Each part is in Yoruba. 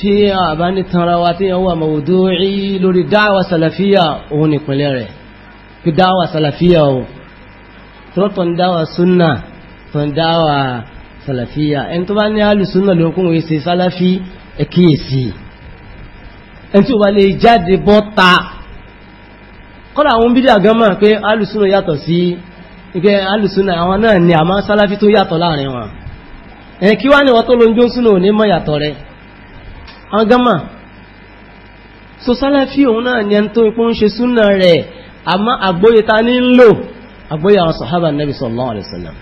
tí a bá ní tanra wa tí yẹn wà mawdu'i lórí dáwà sàlàfíà òun nìpínlẹ̀ rẹ̀ kí dáwà sàlàfíà o tọ́tọ̀ ń dáwà súnà tó ń dáwà sàlàfíà ẹni tó bá ní alùsúnà ló ń kún wọ́n ṣe sàlàfí ẹ̀kíyèsí ẹni tí ó bá lè jáde bọ́ ta kọ́lá àwọn bídí àgánmà pé alùsúnà yàtọ̀ sí ìgbẹ́ alùsúnà àwọn náà ni àmọ́ sàlàfí tó yàtọ̀ láàrin wọn ẹ̀ kí wá ní wọ́n tó lóúnjọ́ súnà ò ní mọ̀ yàtọ̀ àwọn gánmà so sálàfí òun náà ni ẹni tó ipò ń ṣe súnà rẹ̀ àmọ́ àgbóyè ta ní ń lò àgbóyè àwọn sàhábà nàbì sallallahu alaihi wasallam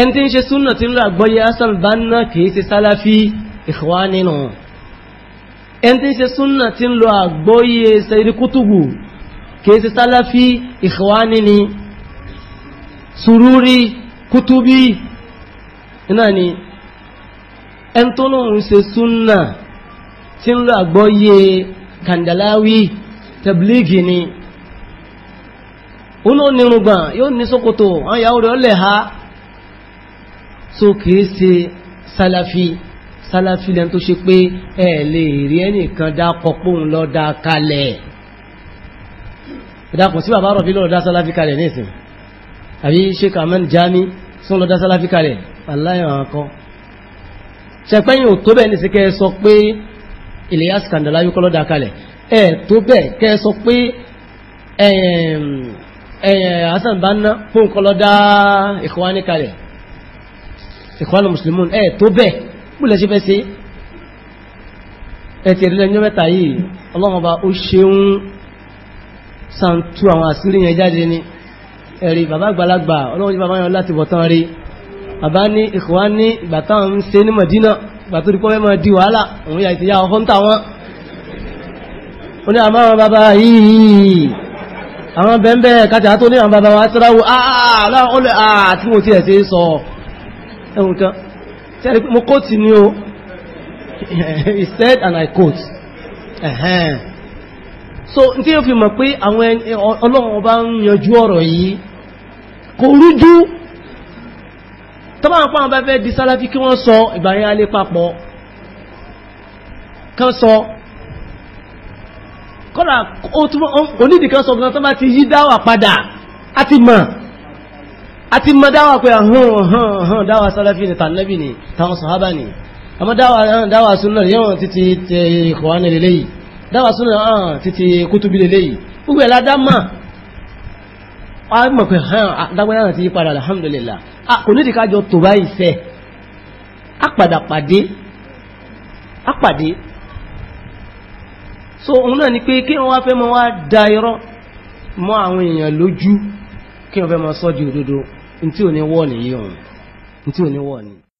ẹni tí ń ṣe súnà tí ń lò àgbóyè Hasan Banna kìí ṣe sálàfí ikhwani nínú ẹni tí ń ṣe súnà tí ń lò àgbóyè Sayyid Kutubu kìí ṣe sálàfí ikhwani ni Sururi Kutubi ẹni tó lóun ṣe súnà tí ń lọ àgbọ́yé kàndàláwì tẹ̀blígì ni òun náà nírùngbọ̀n yóò ní ṣòkòtò àwọn ìyàwó rẹ̀ ọlẹ̀ ha tó kìí ṣe sálàfí sálàfí lẹ́n tó ṣe pé ẹ lè rí ẹnìkan dákọ̀ póun lọ dá kalẹ̀ ìdàpọ̀ sí bàbá rọ̀ fi sálàfí kalẹ̀ nísìn àbí Sheikh Ahmed Jami sún lọ sálàfí kalẹ̀ aláìràn kan ṣẹpẹ́yìn ò bẹ́ẹ̀ ní sí kẹ́ sọ pé Ilyas Kandalawi kọ́lọ́ da kalẹ̀ ẹ̀ tó bẹ́ẹ̀ kẹ́ ẹ sọ pé Hasan Banna fún kọ́lọ́ da Ikhwani kalẹ̀ Ikhwanul Muslimun ẹ̀ tó bẹ́ẹ̀ bùlẹ̀ ṣe fẹ́ ṣe ẹ̀ tẹ̀lé lẹ́yìn mẹ́ta yìí ọlọ́run ọba ó ṣeun santu àwọn àṣírí yẹn jáde ni ẹ̀rí bàbá àgbàlagbà ọlọ́run bàbá yẹn láti bọ̀ tán rí bàbá ní Ikhwani ìgbà táwọn ń ṣe ní Madina gbàtórí pọ́ mẹ́mọ̀ di wàhálà òun yà ìtìyà ọkọ́ ń tàwọn ó ní àmọ́ àwọn bàbá yìí àwọn bẹ́ẹ̀bẹ́ kàtà tó ní àwọn bàbá wa tíráwò àti mo ti ẹ̀ sí sọ ẹ̀hùn kan tẹ́rì mo ni ah, ah, o ah, oh. he said and I quote so n tí yóò fi mọ̀ pé àwọn ọlọ́run ọba ń yanjú ọ̀rọ̀ yìí kò tọ́bá wọn pàwọn bá fẹ́ di sálàfí kí wọ́n sọ ìgbàyẹn alé papọ̀ kan sọ kọ́lá onídìí kan sọ gan tọ́bá ti yí dáwà padà àti mọ̀ àti mọ̀ dáwà pé hàn hàn hàn dáwà sálàfí ni tànẹ́bì ni táwọn sọ̀hábà ni àmọ́ dáwà súnà yẹ́wọ̀n títí ìkọ̀wánilélẹ́yìí dáwà súnà títí kútùbílélẹ́yìí gbogbo ẹ̀ ládámà a mọ̀ pé hàn dágbẹ́rẹ́ náà ti yí padà alhamdulillah a kò ní ìdíkájọ tó báyìí fẹ́ a padà pàdé a pàdé so òun náà ni pé kí wọ́n wá fẹ́ mọ́ wá da irọ́ mọ́ àwọn èèyàn lójú kí wọ́n fẹ́ mọ́ sọ́ di òdodo ntí ò ní wọ́ nìyí òun ntí ò ní wọ́